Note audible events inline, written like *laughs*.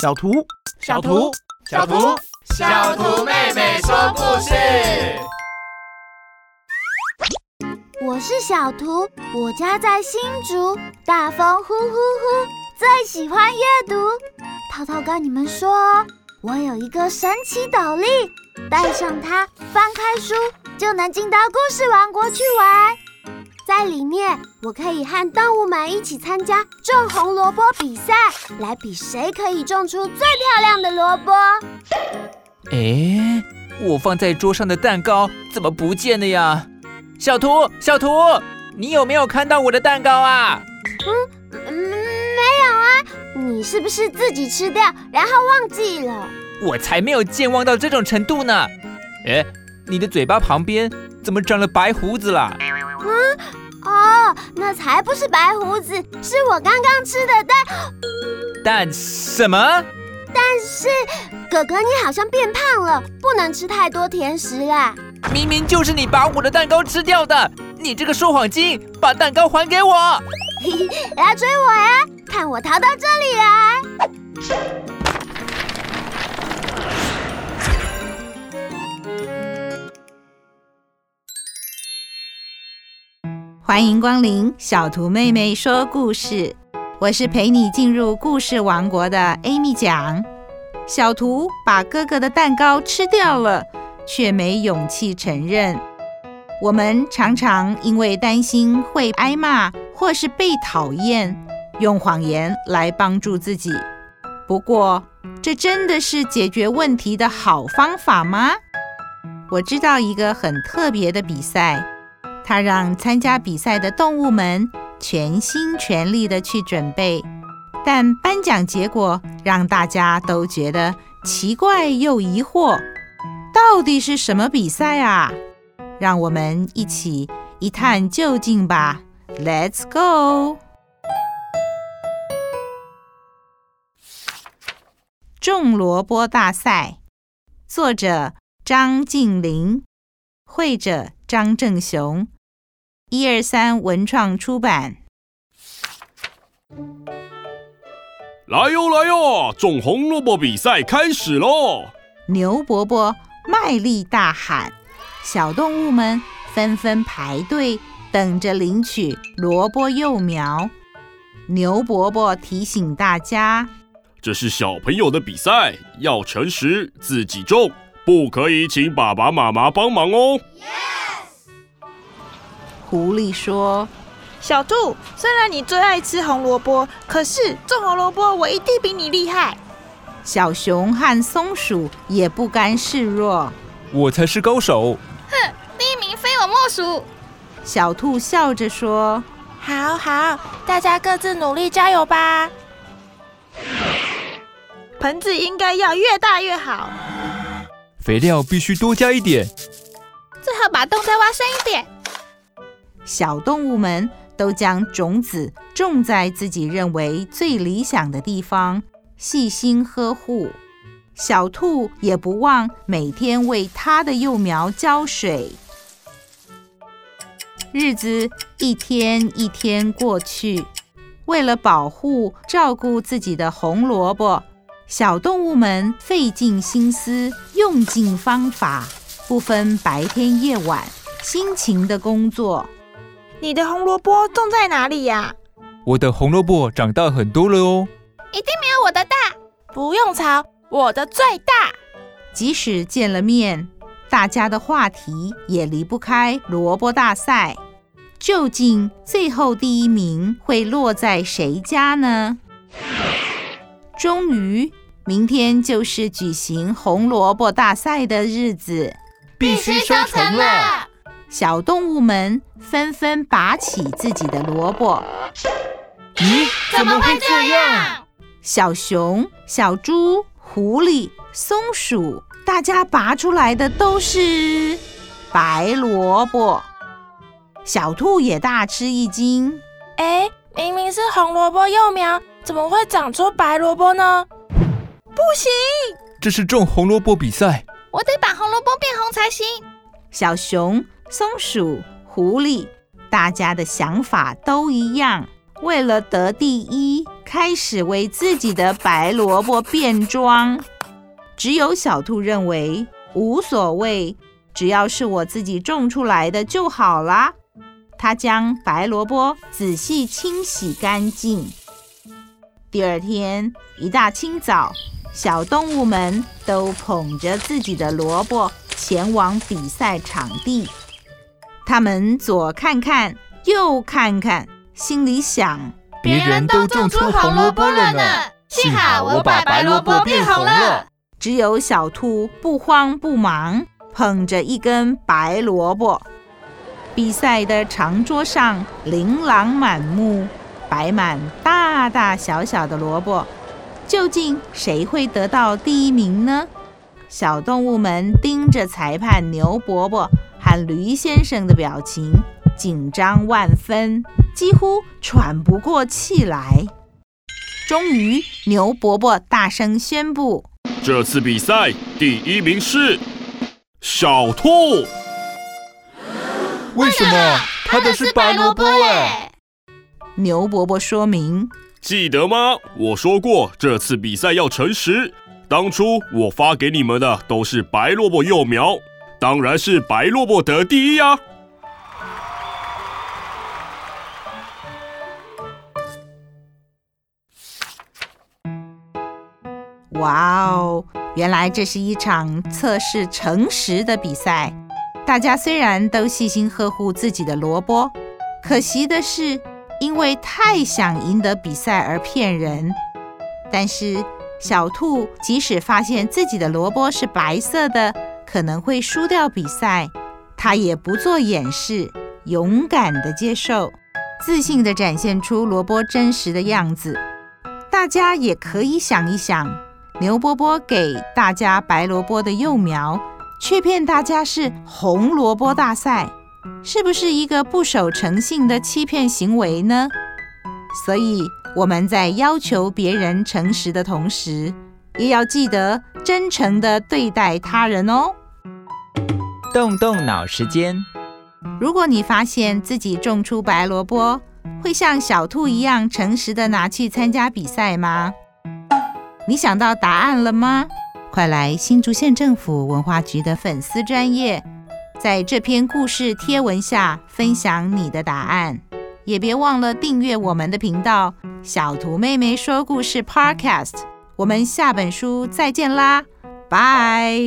小圖，小圖，小圖，小圖，小圖妹妹說故事。我是小圖，我家在新竹，大風呼呼呼，最喜歡閱讀。濤濤跟你們說，哦，我有一個神奇斗笠，帶上它，翻開書，就能進到故事王國去玩。在裡面，我可以和動物們一起參加種紅蘿蔔比賽，來比誰可以種出最漂亮的蘿蔔。哎，我放在桌上的蛋糕怎麼不見了呀？小圖，小圖，你有沒有看到我的蛋糕啊？嗯，嗯，沒有啊。你是不是自己吃掉，然後忘記了？我才沒有健忘到這種程度呢。哎，你的嘴巴旁邊怎麼長了白鬍子了？哦、那才不是白鬍子，是我剛剛吃的蛋。但什麼？但是哥哥，你好像變胖了，不能吃太多甜食啦、啊。明明就是你把我的蛋糕吃掉的，你這個說謊精，把蛋糕還給我！ *laughs* 來追我呀、啊，看我逃到這裡來、啊。歡迎光臨小圖妹妹說故事，我是陪你進入故事王國的 Amy 講，小圖把哥哥的蛋糕吃掉了，卻沒勇氣承認。我們常常因為擔心會挨罵或是被討厭，用謊言來幫助自己。不過，這真的是解決問題的好方法嗎？我知道一個很特別的比賽。他讓參加比賽的動物們全心全力的去準備，但頒獎結果讓大家都覺得奇怪又疑惑，到底是什麼比賽啊？讓我們一起一探究竟吧！Let's go。種蘿蔔大賽，作者張晉霖，繪者張正雄。一二三，文創出版。來喲來喲，種紅蘿蔔比賽開始嘍！牛伯伯賣力大喊，小動物們紛紛排隊等着領取蘿蔔幼苗。牛伯伯提醒大家：這是小朋友的比賽，要誠實自己種，不可以請爸爸媽媽幫忙哦。Yeah! 狐狸說：“小兔，雖然你最愛吃紅蘿蔔，可是種紅蘿蔔我一定比你厲害。”小熊和松鼠也不甘示弱：“我才是高手！”哼，第一名非我莫屬。”小兔笑着說：“好好，大家各自努力，加油吧！盆子應該要越大越好，肥料必須多加一點，最後把洞再挖深一點。”小動物們都將種子種在自己認為最理想的地方，細心呵護。小兔也不忘每天為它的幼苗澆水。日子一天一天過去，為了保護、照顧自己的紅蘿蔔，小動物們費盡心思，用盡方法，不分白天夜晚，辛勤的工作。你的紅蘿蔔種在哪裡呀、啊？我的紅蘿蔔長大很多了哦，一定沒有我的大。不用吵，我的最大。即使見了面，大家的話題也離不開蘿蔔大賽。究竟最後第一名會落在誰家呢？終於，明天就是舉行紅蘿蔔大賽的日子，必須收成了。小動物們紛紛拔起自己的蘿蔔。咦，怎麼會這樣？小熊、小豬、狐狸、松鼠，大家拔出來的都是白蘿蔔。小兔也大吃一驚。誒，明明是紅蘿蔔幼苗，怎麼會長出白蘿蔔呢？不行，這是種紅蘿蔔比賽，我得把紅蘿蔔變紅才行。小熊。松鼠、狐狸，大家的想法都一樣。為了得第一，開始為自己的白蘿蔔變裝。只有小兔認為無所謂，只要是我自己種出來的就好啦。它將白蘿蔔仔細清洗乾淨。第二天一大清早，小動物們都捧着自己的蘿蔔前往比賽場地。他們左看看，右看看，心裡想：別人都種出紅蘿蔔了呢。幸好我把白蘿蔔變紅了，蔔變了。只有小兔不慌不忙，捧着一根白蘿蔔。比賽的長桌上琳琅滿目，擺滿大大小小的蘿蔔。究竟誰會得到第一名呢？小動物們盯着裁判牛伯伯。看驢先生的表情，緊張萬分，幾乎喘不過氣來。終於，牛伯伯大聲宣布：“這次比賽第一名是小兔。為什麼他的，他的是白蘿蔔嘞？”牛伯伯說明：“記得嗎？我說過這次比賽要誠實。當初我發給你們的都是白蘿蔔幼苗。”當然是白蘿蔔得第一呀、啊！哇哦，原來這是一場測試誠實的比賽。大家雖然都細心呵護自己的蘿蔔，可惜的是，因為太想贏得比賽而騙人。但是小兔即使發現自己的蘿蔔是白色的，可能會輸掉比賽，他也不做掩飾，勇敢的接受，自信地展現出蘿蔔真實的樣子。大家也可以想一想，牛伯伯給大家白蘿蔔的幼苗，卻騙大家是紅蘿蔔大賽，是不是一個不守誠信的欺騙行為呢？所以我們在要求別人誠實的同時，也要記得真誠地對待他人哦。動動腦時間！如果你發現自己種出白蘿蔔，會像小兔一樣誠實的拿去參加比賽嗎？你想到答案了嗎？快來新竹縣政府文化局的粉絲專頁，在這篇故事貼文下分享你的答案，也別忘了訂閱我們的頻道“小圖妹妹說故事 ”Podcast。我們下本書再見啦，拜！